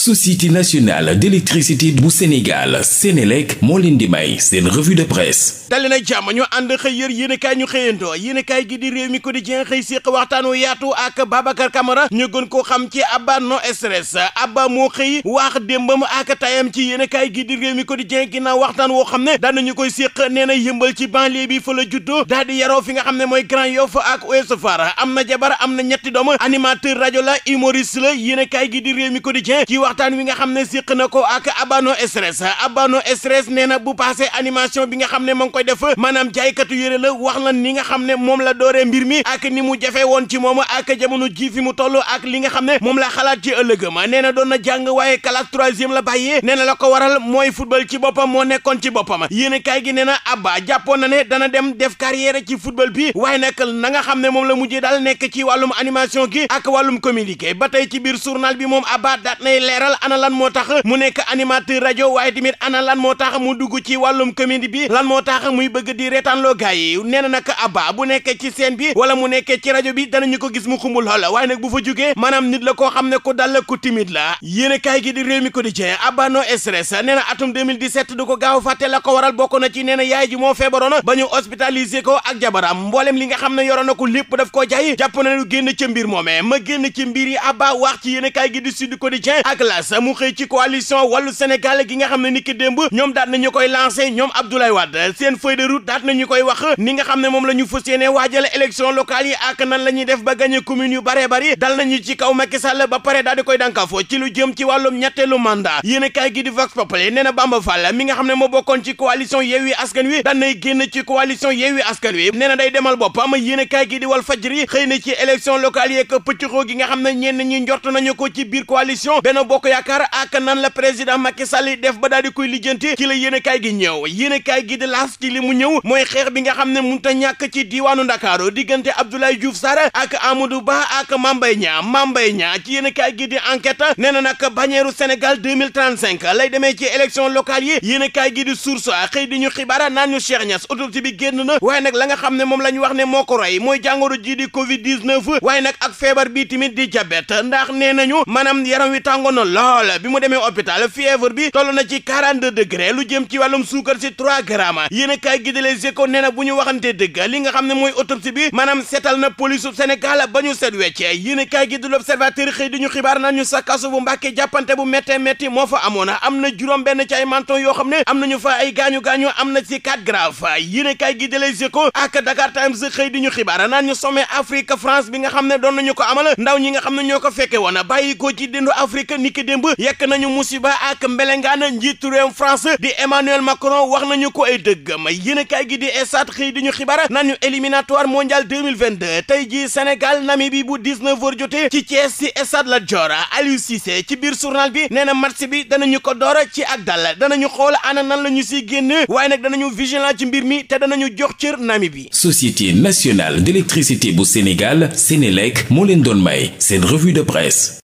société nationale d'électricité bu Sénégal Sénélec moo leen di may seen revue de presse dali na jàmm ñu ànd xëy yër yéenekaay ñu xëyandoo yéenekaay gi di réew mi quotidien xëy séq waxtaan wu yaatu ak Babacar Camara ñu gën ko xam ci Abba no stress Abba moo xëy waax démbam ak tayam ci yéenekaay gi di réew mi quotidien ginnaaw waxtaan woo xam ne daanañu koy séq nee na yëmbal ci banlieue bi fa la juddoo daal di yaroo fi nga xam ne mooy Grand Yoff ak Ouest am na jabar am na animateur rajo la humoriste la yéenekaay gi di waxtaan wi nga xam ne siq na ko ak abano stress abano stress nee na bu passé animation bi nga xam ne ma ngi koy def maanaam jaaykatu yére la wax la ni nga xam ne moom la dooree mbir mi ak ni mu jafee woon ci moom ak jamono ji fi mu toll ak li nga xam ne moom la xalaat ci ëllëgama nee na doon na jàng waaye kalaat troisième la bàyyee nee na la ko waral mooy football ci boppam moo nekkoon ci boppam yéen kaay gi nee na abba jàppoon na ne dana dem def carrière ci football bi waaye nag na nga xam ne moom la mujjee daal nekk ci wàllum animation gi ak wàllum communiqué ba tey ci biir journal bi moom abba daat nay leeral ana lan moo tax mu nekk animateur rajo waaye tamit ana lan moo tax mu dugg ci wàllum comédie bi lan moo tax muy bëgg di reetaanloo gars yi nee na nag Abba bu nekkee ci seen bi wala mu nekkee ci rajo bi dana ñu ko gis mu xumbu lool waaye nag bu fa jógee maanaam nit la koo xam ne ku dal la ku timide la yéen a gi di réew mi quotidien Abba no stress nee na atum 2017 du ko gaaw fàtte la ko waral bokk na ci nee na yaay ji moo feebaroon ba ñu ko ak jabaram mboolem li nga ci mbir yi Abba wax ci yéen las xëy ci coalition wàllu Sénégal gi nga xam ne ni ki démb ñoom daat nañu koy lancé ñoom Abdoulaye Wade seen feuille de route daat nañu koy wax ni nga xam ne moom la ñu fas yéene waajale élection locale yi ak nan la ñuy def ba gagné communes yu baree bari dal nañu ci kaw Macky Sall ba pare daal di koy dànkafo ci lu jëm ci wàllum ñetteelu mandat yéen a kaay gi di Vox Populi nee na Bamba Fall mi nga xam ne moo bokkoon ci ci coalition Yewwi Askan Wi a kaay bokk yaakaar ak nan la président Macky Sall def ba daal di koy lijjanti ci la yéenekaay gi ñëw yéenekaay gi di laas ci li mu ñëw mooy xeex bi nga xam ne mënut a ñàkk ci diiwaanu Ndakaaru diggante Abdoulaye Diouf Sarr ak Amadou Ba ak Mame Mbaye Niang Mame Mbaye Niang ci yéenekaay gi di enquête nee na nag bannière Sénégal 2035 lay demee ci élection locale yi yéenekaay gi di source xëy di ñu xibaar naan ñu Cheikh Niass autopsie bi génn na nag la nga xam ne moom la ñu wax ne moo ko mooy jàngoro ji di Covid 19 waaye nag ak feebar bi tamit di diabète ndax nee nañu maanaam yaram wi tàngoon lool bi mu demee hôpital fièvre bi toll na ci 42 degré lu jëm ci wàllum suukar si 3 grammes yéen a kaay gi de Les bu ñu waxantee dëgg li nga xam ne mooy autopsie bi maanaam seetal na police su Sénégal ba ñu seet weccee yéen a kaay gi de L'Observateur xëy di ñu xibaar naan ñu sa kaso bu Mbàkke jàppante bu méttee métti moo fa amoon am na juróom benn ci ay manton yoo xam ne am nañu fa ay gaañu gaañu am na ci 4 grave yéen a kaay gi ñu xibaar naan ñu bi nga xam ne doon nañu ko amal ndaw ñi ñoo ko fekke woon bàyyi ko ci barki démb yekk nañu musiba ak mbelengaan njiitu réewum France di Emmanuel Macron wax nañu ko ay dëgg ma yéen kaay gi di Stades xëy di ñu xibaar nañu éliminatoire mondial 2022 tey jii Sénégal Namibie bu 19h jotee ci Thiès si Stade Lat Dior Aliou Cissé ci biir journal bi nee na match bi danañu ko door ci ak dal danañu xool ana nan la ñu siy génn waaye nag danañu vigilant ci mbir mi te danañu jox cër Namibie. Société nationale d'électricité bu Sénégal Sénélec moo leen doon may seen revue de presse.